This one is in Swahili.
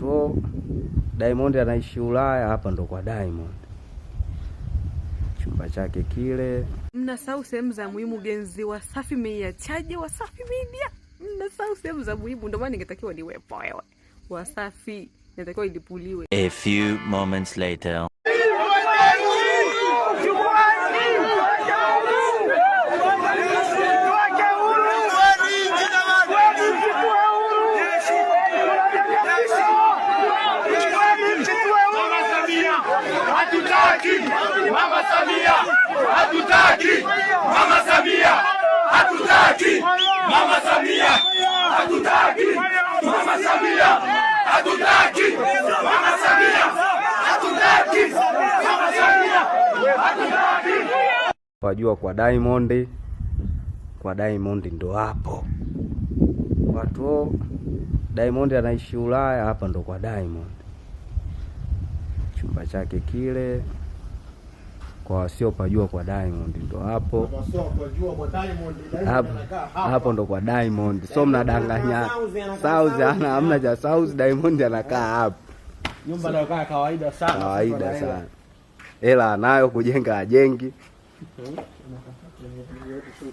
Metro, Diamond anaishi Ulaya, hapa ndo kwa Diamond chumba chake kile. Mnasahau sehemu za muhimu, genzi Wasafi mmeiachaje? Wasafi Media mnasahau sehemu za muhimu, ndio maana ningetakiwa niwepo wewe. Wasafi natakiwa ilipuliwe. A few moments later. Hatutaki Mama Samia, hatutaki Mama Samia, hatutaki Mama Samia, hatutaki Mama Samia, hatutaki Mama Samia, hatutaki Mama Samia, hatutaki. Wajua kwa Diamond, kwa Diamond ndo hapo watu. Diamond anaishi Ulaya, hapa ndo kwa Diamond chumba chake kile. Kwa wasiopajua kwa Diamond ndo hapo hapo, ndo kwa Diamond. So mnadanganya South, ana amna cha South, Diamond anakaa hapo kawaida sana, hela anayo kujenga ajengi hmm?